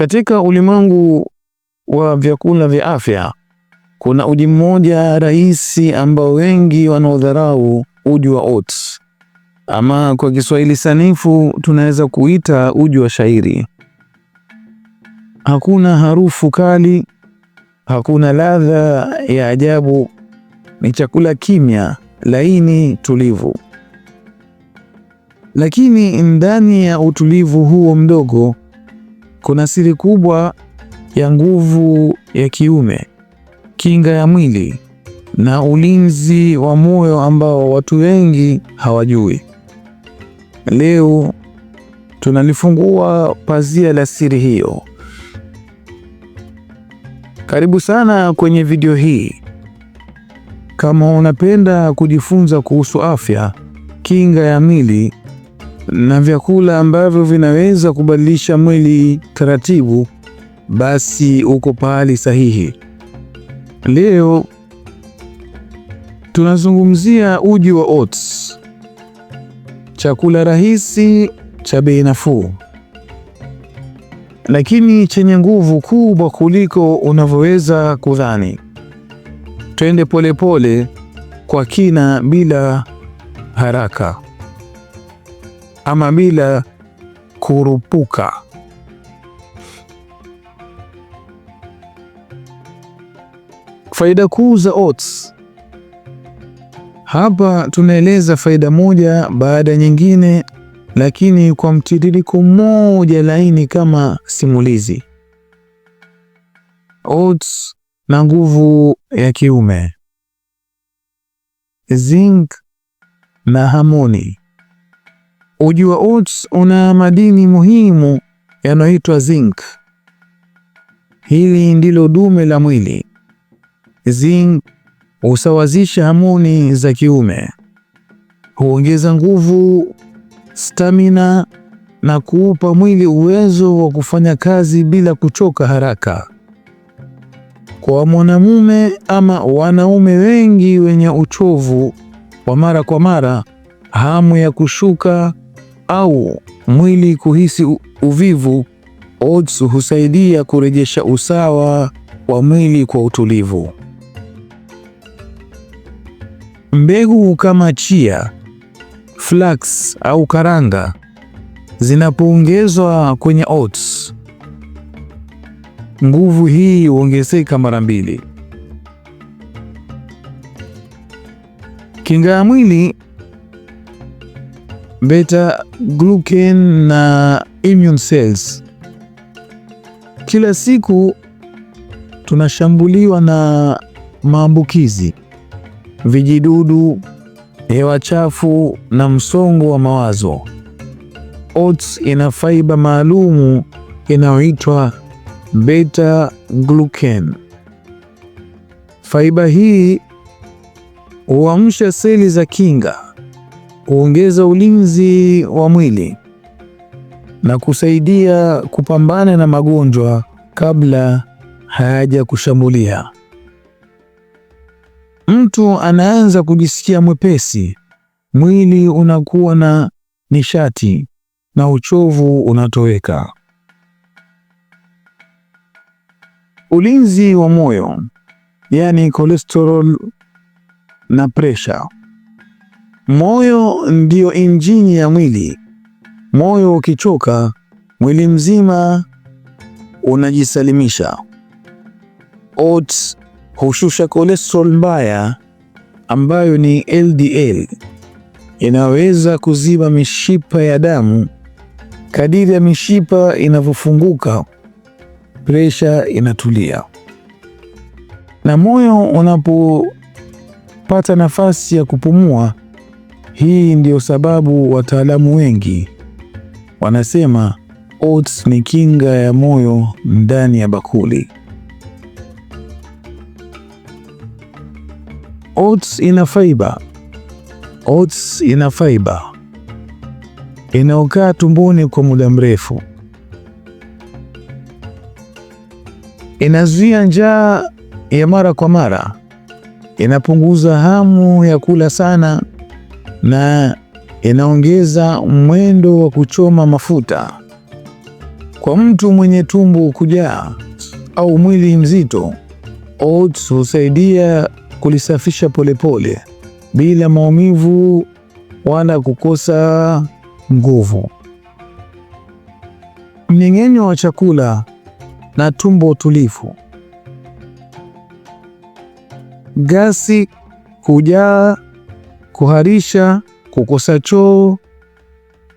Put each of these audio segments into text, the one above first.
Katika ulimwengu wa vyakula vya afya kuna uji mmoja rahisi ambao wengi wanaodharau, uji wa oats, ama kwa Kiswahili sanifu tunaweza kuita uji wa shairi Hakuna harufu kali, hakuna ladha ya ajabu. Ni chakula kimya, laini, tulivu. Lakini ndani ya utulivu huo mdogo kuna siri kubwa ya nguvu ya kiume, kinga ya mwili na ulinzi wa moyo ambao watu wengi hawajui. Leo tunalifungua pazia la siri hiyo. Karibu sana kwenye video hii. Kama unapenda kujifunza kuhusu afya, kinga ya mwili na vyakula ambavyo vinaweza kubadilisha mwili taratibu, basi uko pahali sahihi. Leo tunazungumzia uji wa oats, chakula rahisi cha bei nafuu, lakini chenye nguvu kubwa kuliko unavyoweza kudhani. Twende polepole kwa kina, bila haraka ama bila kurupuka. Faida kuu za oats. Hapa tunaeleza faida moja baada nyingine, lakini kwa mtiririko mmoja laini kama simulizi. Oats na nguvu ya kiume, zinc na homoni Ujua oats una madini muhimu yanayoitwa zinc. Hili ndilo dume la mwili. Zinc husawazisha homoni za kiume, huongeza nguvu, stamina na kuupa mwili uwezo wa kufanya kazi bila kuchoka haraka. Kwa mwanamume ama wanaume wengi wenye uchovu wa mara kwa mara, hamu ya kushuka au mwili kuhisi uvivu, oats husaidia kurejesha usawa wa mwili kwa utulivu. Mbegu kama chia, flax au karanga zinapoongezwa kwenye oats, nguvu hii huongezeka mara mbili. Kinga ya mwili beta glucan na immune cells. Kila siku tunashambuliwa na maambukizi, vijidudu, hewa chafu na msongo wa mawazo. Oats ina faiba maalumu inayoitwa beta glucan. Faiba hii huamsha seli za kinga huongeza ulinzi wa mwili na kusaidia kupambana na magonjwa kabla hayaja kushambulia. Mtu anaanza kujisikia mwepesi, mwili unakuwa na nishati na uchovu unatoweka. Ulinzi wa moyo, yaani cholesterol na pressure. Moyo ndiyo injini ya mwili. Moyo ukichoka, mwili mzima unajisalimisha. Oats hushusha cholesterol mbaya ambayo ni LDL, inaweza kuziba mishipa ya damu. Kadiri ya mishipa inavyofunguka, presha inatulia. Na moyo unapopata nafasi ya kupumua hii ndiyo sababu wataalamu wengi wanasema oats ni kinga ya moyo ndani ya bakuli. Oats ina faiba. Oats ina faiba inaokaa tumboni kwa muda mrefu, inazuia njaa ya mara kwa mara, inapunguza hamu ya kula sana na inaongeza mwendo wa kuchoma mafuta. Kwa mtu mwenye tumbo kujaa au mwili mzito, oats husaidia kulisafisha polepole pole, bila maumivu wala kukosa nguvu. Mmeng'enyo wa chakula na tumbo tulivu. Gasi kujaa kuharisha, kukosa choo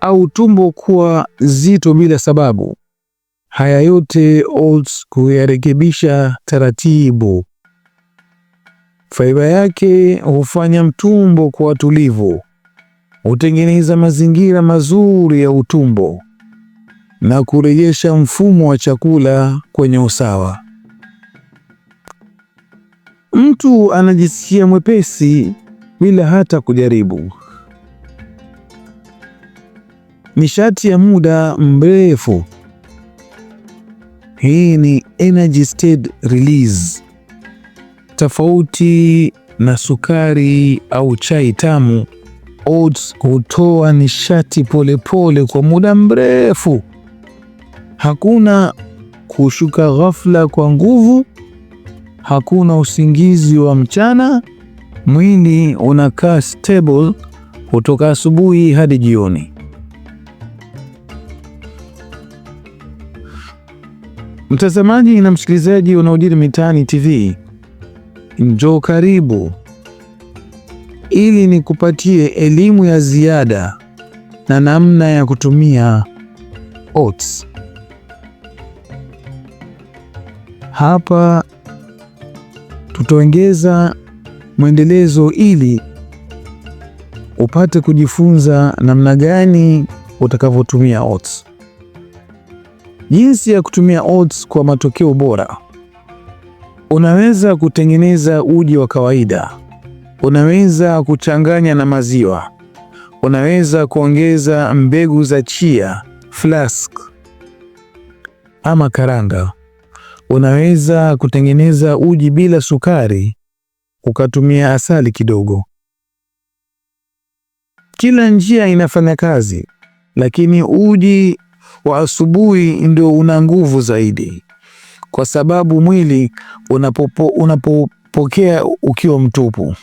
au tumbo kuwa zito bila sababu. Haya yote oats huyarekebisha taratibu. Faiba yake hufanya mtumbo kuwa tulivu, hutengeneza mazingira mazuri ya utumbo na kurejesha mfumo wa chakula kwenye usawa. Mtu anajisikia mwepesi bila hata kujaribu. Nishati ya muda mrefu, hii ni energy state release, tofauti na sukari au chai tamu. Oats hutoa nishati polepole pole kwa muda mrefu. Hakuna kushuka ghafla kwa nguvu, hakuna usingizi wa mchana mwili unakaa stable kutoka asubuhi hadi jioni. Mtazamaji na msikilizaji unaojiri mitaani TV, njoo karibu ili nikupatie elimu ya ziada na namna ya kutumia oats. Hapa tutaongeza mwendelezo ili upate kujifunza namna gani utakavyotumia odds, jinsi ya kutumia odds kwa matokeo bora. Unaweza kutengeneza uji wa kawaida, unaweza kuchanganya na maziwa, unaweza kuongeza mbegu za chia, flask ama karanga, unaweza kutengeneza uji bila sukari ukatumia asali kidogo. Kila njia inafanya kazi, lakini uji wa asubuhi ndio una nguvu zaidi, kwa sababu mwili unapopo, unapopokea ukiwa mtupu.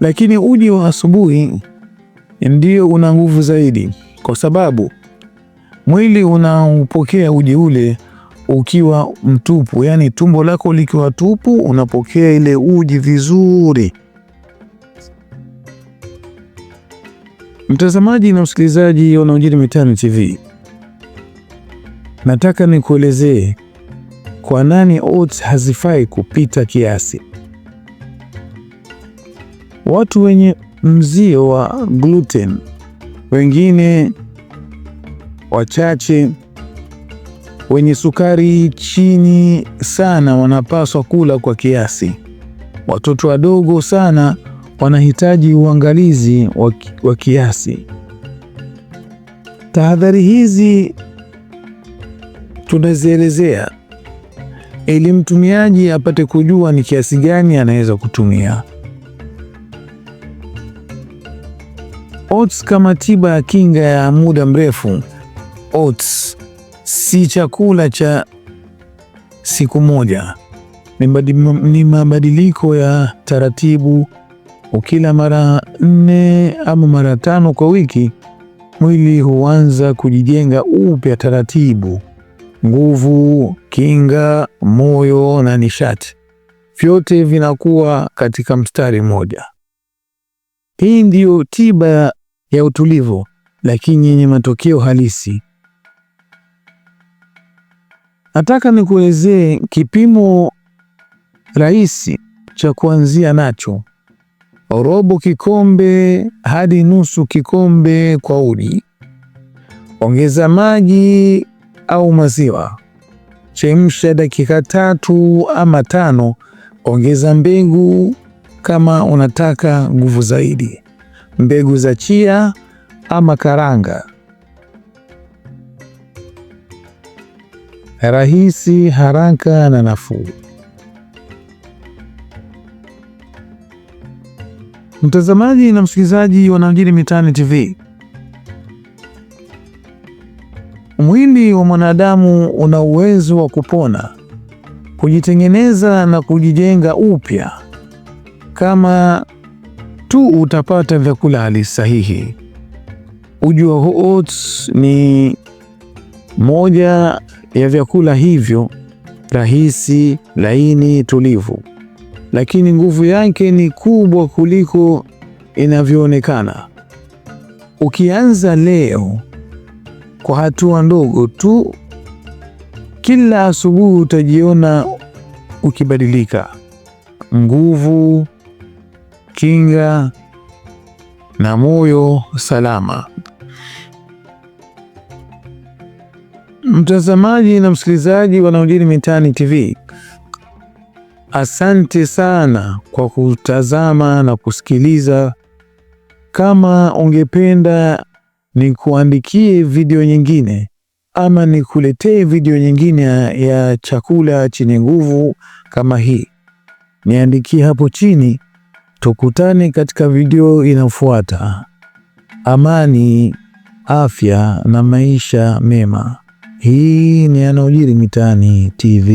Lakini uji wa asubuhi ndio una nguvu zaidi, kwa sababu mwili unaupokea uji ule ukiwa mtupu, yaani tumbo lako likiwa tupu, unapokea ile uji vizuri. Mtazamaji na msikilizaji yanayojiri mitaani TV, nataka nikuelezee kwa nani oats hazifai kupita kiasi. Watu wenye mzio wa gluten, wengine wachache Wenye sukari chini sana wanapaswa kula kwa kiasi. Watoto wadogo sana wanahitaji uangalizi wa kiasi. Tahadhari hizi tunazielezea ili mtumiaji apate kujua ni kiasi gani anaweza kutumia. Oats kama tiba ya kinga ya muda mrefu. Oats si chakula cha siku moja, ni mabadiliko ya taratibu. Ukila mara nne ama mara tano kwa wiki, mwili huanza kujijenga upya taratibu. Nguvu, kinga, moyo na nishati vyote vinakuwa katika mstari mmoja. Hii ndiyo tiba ya utulivu, lakini yenye matokeo halisi. Nataka nikuelezee kipimo rahisi cha kuanzia nacho, robo kikombe hadi nusu kikombe kwa uji. Ongeza maji au maziwa, chemsha dakika tatu ama tano. Ongeza mbegu kama unataka nguvu zaidi, mbegu za chia ama karanga. rahisi, haraka na nafuu. Mtazamaji na msikilizaji yanayojiri mitaani TV, mwili wa mwanadamu una uwezo wa kupona, kujitengeneza na kujijenga upya kama tu utapata vyakula halisi sahihi. ujua wa oats ni moja ya vyakula hivyo rahisi, laini, tulivu, lakini nguvu yake ni kubwa kuliko inavyoonekana. Ukianza leo kwa hatua ndogo tu, kila asubuhi utajiona ukibadilika. Nguvu, kinga na moyo salama. Mtazamaji na msikilizaji yanayojiri mitaani TV, asante sana kwa kutazama na kusikiliza. Kama ungependa nikuandikie video nyingine ama nikuletee video nyingine ya chakula chenye nguvu kama hii, niandikie hapo chini. Tukutane katika video inayofuata. Amani, afya na maisha mema. Hii ni yanayojiri mitaani TV.